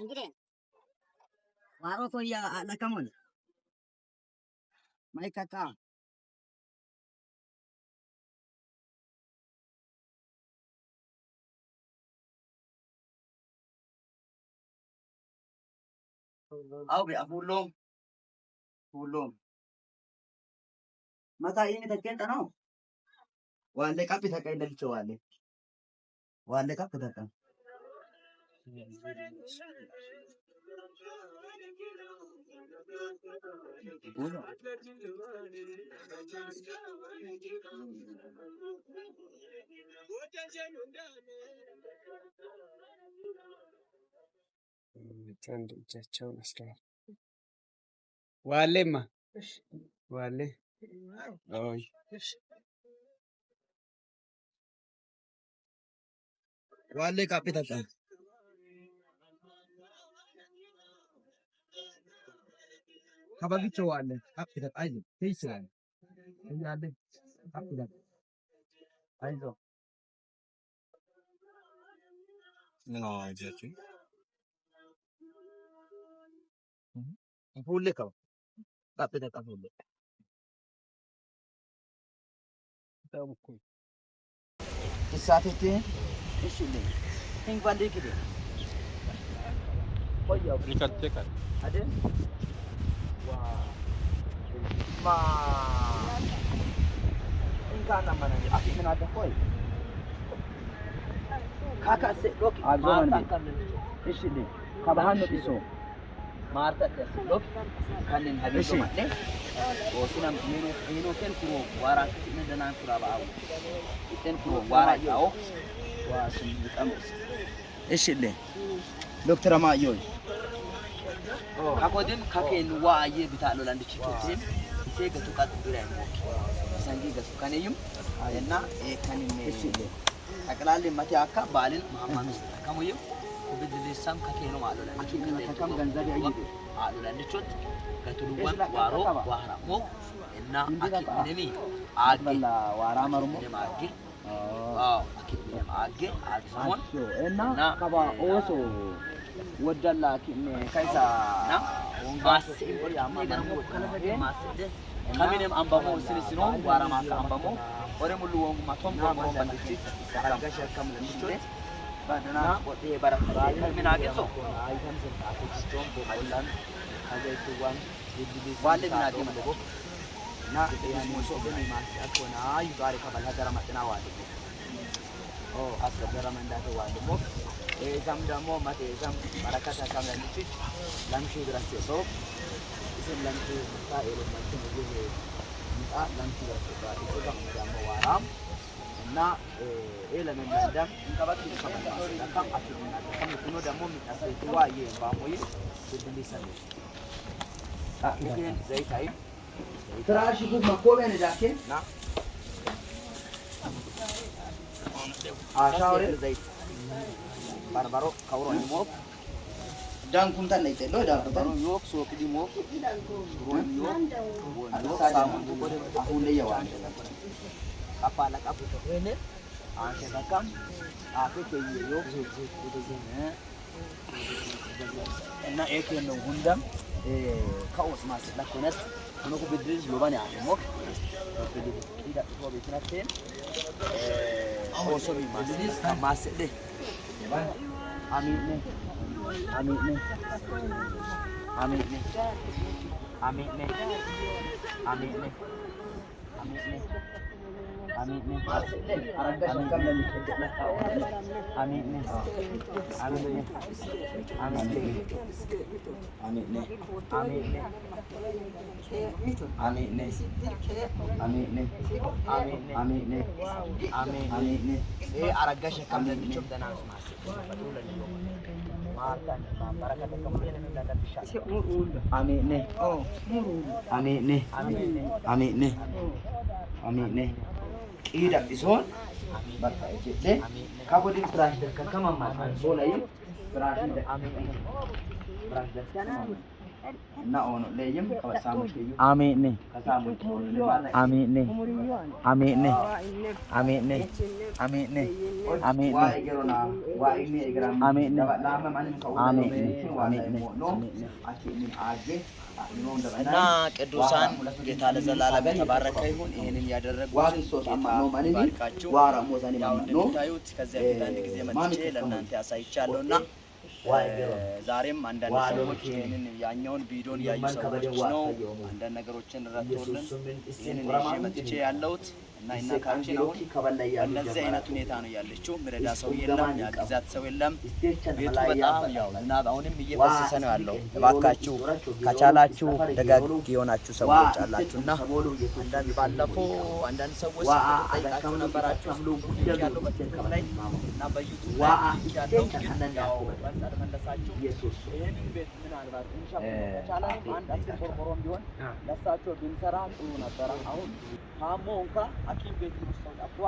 እንግዲህ ዋሮ ኮያ አለከሞን ማይከታ አው ሁሉም ሁሉም መታ ይሄን ተቀንጠ ነው ዋለ ቀብ ተቀንደልቸው ዋለ ዋለ ቀብ ተቀንጠ Bueno. Tanto chachao nasla. Vale ma. Vale. Ay. वाले काफी था Hava bir var ne? Hakikaten aynı. Neyse yani. Şimdi anne. Hakikaten. Aynı o. Ne olacak? Full lekam. Kapı da kapı da. Tamam koy. Misafirde. Düşündüm. Hengvande gidiyor. Koy yavrum. Dikkat dikkat. Hadi. Ma... in ka naman ang akin na natin ko eh. Kakasi, Loki. Ah, zo man di. Ishi di. Kabahan no iso. Marta kasi, Loki. Kanin hagi zo man di. O sinam, minu ten kuro wara kasi na danan kura ba awo. Ten kuro wara yawo. Wa sun di kamus. Ishi di. Doktor Amayoy. Kakodin kakeen waa'ee bitaa lolaan dichichootiin isee gatu qaqqu bira hin mooki. Isan giigatu kaneyyum እና ከን ጠቅላላ መቴ አካ ባልን ማማስ ተከሙዩ ኩብድ ሌሳም ከኬኑ ማሉላ ከከም ገንዘብ ያይዱ አሉላ ልቾት ከቱሉዋን ዋሮ ዋራሞ እና አኪነሚ አጌ ዋራ መርሞ አጌ አዎ አኪነሚ አጌ አዲስ እና ከባ ኦሶ ወዳላ ከይሳ ከሚንም አንበሞ ስንስኖ ዋራማሳ አንበሞ ወደ ሙሉ ወንጉማ ቶም ወንበንቺ ሰራጋሽ ከምልን ቾት ባደና ወጤ ባራፋ ከሚና ገጾ አይተም ሰጣቶች ቾም ቦላን አዘይቱዋን ዋለ ሚና ገመለ ና ሞሶ ግን ማስያት ሆና ይባሪ ከባላ ገረማ ጥና ኦ አስገረማ እንዳተ ሞ የዛም ደግሞ ማቴ በረከት ያሳም ለምችል ለምሽ ድረስ የሰው እሱም ለምሽ ምታ ኤሎማችን እዚህ ምጣ ለምሽ ድረስ ይባል እሱጋ ደግሞ ዋራም እና ይህ ለመናዳም እንቀባቂ ከመለማስለካም አትሉናደከም ሆኖ ደግሞ የሚታሰይትዋ ይ ባሞይ ስድንዲ ሰሚ ሙክህን ዘይታይም ትራሽኩ መኮቤን ዳኬን አሻውሬ ዘይት Barbaro kauro ni mok. Dan kun tan nai telo dan barbaro yok so kidi mok. Ruan yok. Ado sa mun ko de aku le yawa. kapu to rene. Anke bakam. Aku ke ye yok so so kudu zene. እና ኤክሬን ነው ሁንዳም ከኦስ ማስላ ኮነት kunuku bidris loban yaamok bidida tobe tinaten osobi mas kamasede I'm I'm it. it. I'm Amit ni. Amit ni. Amit ni. Amit ni. Amit it. Amin. Amin. Amin. Amin. Amin. Amin. Amin. Amin. Amin. Amin. Amin. amin aragasha amin nichukta amin masi. amin ni amin ni amin ni amin ni amin bisha. Amin. amin nih, Amin. Amin. Amin. Amin. Amin. qiida bisoon bakka ejjette kabodiin biraashii dargaggamamaa ta'an soolayin biraashii dargaggamamaa. Amin. Amin. Amin. Amin. አሜን አሜን አሜን እና ቅዱሳን ጌታ ለዘላለም የተባረከ ይሁን። ይህንን ያደረጉት ባርካችሁ። ያው እንደምታዩት ከዚያ በፊት አንድ ጊዜ መጥቼ ለእናንተ ያሳይቻለሁ እና ዛሬም አንዳንድ ሰዎች ይህንን ያኛውን ቪዲዮን ያዩ ሰዎች ነው አንዳንድ ነገሮችን ረድቶልን ይህንን ይዤ መጥቼ ያለሁት። እና እናታችን አሁን በእንደዚህ አይነት ሁኔታ ነው ያለችው። ምረዳ ሰው የለም፣ ያግዛት ሰው የለም። ቤቱ በጣም ያው ዝናብ አሁንም እየፈሰሰ ነው ያለው። እባካችሁ ከቻላችሁ ደጋግ የሆናችሁ ሰዎች አላችሁ አንዳንድ ባለፈው አንዳንድ ሰዎች ጠይቃችሁ ነበራችሁ ያለው በትክክል ላይ እና በዩቱብ ላይ ያለው ያው መለሳችሁ ይህንን ቤት ምናልባት ከቻለ አንድ አስር ቆርቆሮም ቢሆን ለሳቸው ብንሰራ ጥሩ ነበረ። አሁን ታሞ እንኳ ሐኪም ቤት ውስጥ ሰው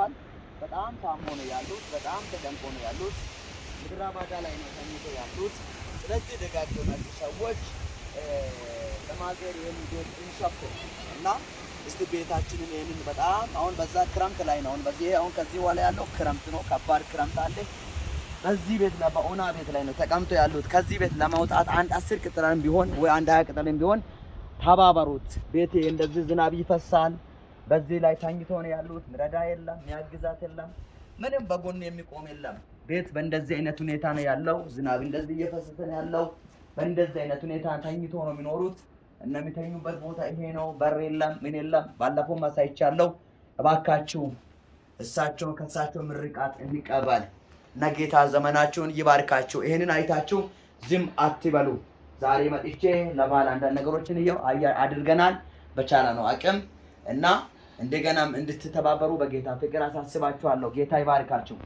በጣም ታሞ ነው ያሉት። በጣም ተጨንቆ ነው ያሉት። ምድረ በዳ ላይ ነው ተኝቶ ያሉት። ስለዚህ ደጋግ የሆናችሁ ሰዎች ለማዘር ይህን ቤት እና እስቲ ቤታችንን ይህንን በጣም አሁን በዛ ክረምት ላይ ነው በዚህ አሁን ከዚህ በኋላ ያለው ክረምት ነው። ከባድ ክረምት አለ። በዚህ ቤት ላይ በኦና ቤት ላይ ነው ተቀምጦ ያሉት። ከዚህ ቤት ለመውጣት አንድ አስር ቅጥርም ቢሆን ወይ አንድ ሀያ ቅጥርም ቢሆን ተባበሩት። ቤቴ እንደዚህ ዝናብ ይፈሳል በዚህ ላይ ተኝቶ ነው ያሉት። ምረዳ የለም፣ ሚያግዛት የለም፣ ምንም በጎን የሚቆም የለም። ቤት በእንደዚህ አይነት ሁኔታ ነው ያለው። ዝናብ እንደዚህ እየፈሰሰ ነው ያለው። በእንደዚህ አይነት ሁኔታ ተኝቶ ነው የሚኖሩት። እና የሚተኙበት ቦታ ይሄ ነው። በር የለም፣ ምን የለም። ባለፈው ማሳይቻለሁ። እባካችሁ እሳቸውን ከእሳቸው ምርቃት እንቀበል ነጌታ ዘመናቸውን ዘመናችሁን ይባርካችሁ። ይሄንን አይታችሁ ዝም አትበሉ። ዛሬ መጥቼ ለባል አንዳንድ ነገሮችን እየው አድርገናል በቻለ ነው አቅም እና እንደገናም እንድትተባበሩ በጌታ ፍቅር አሳስባችኋለሁ። ጌታ ይባርካችሁ።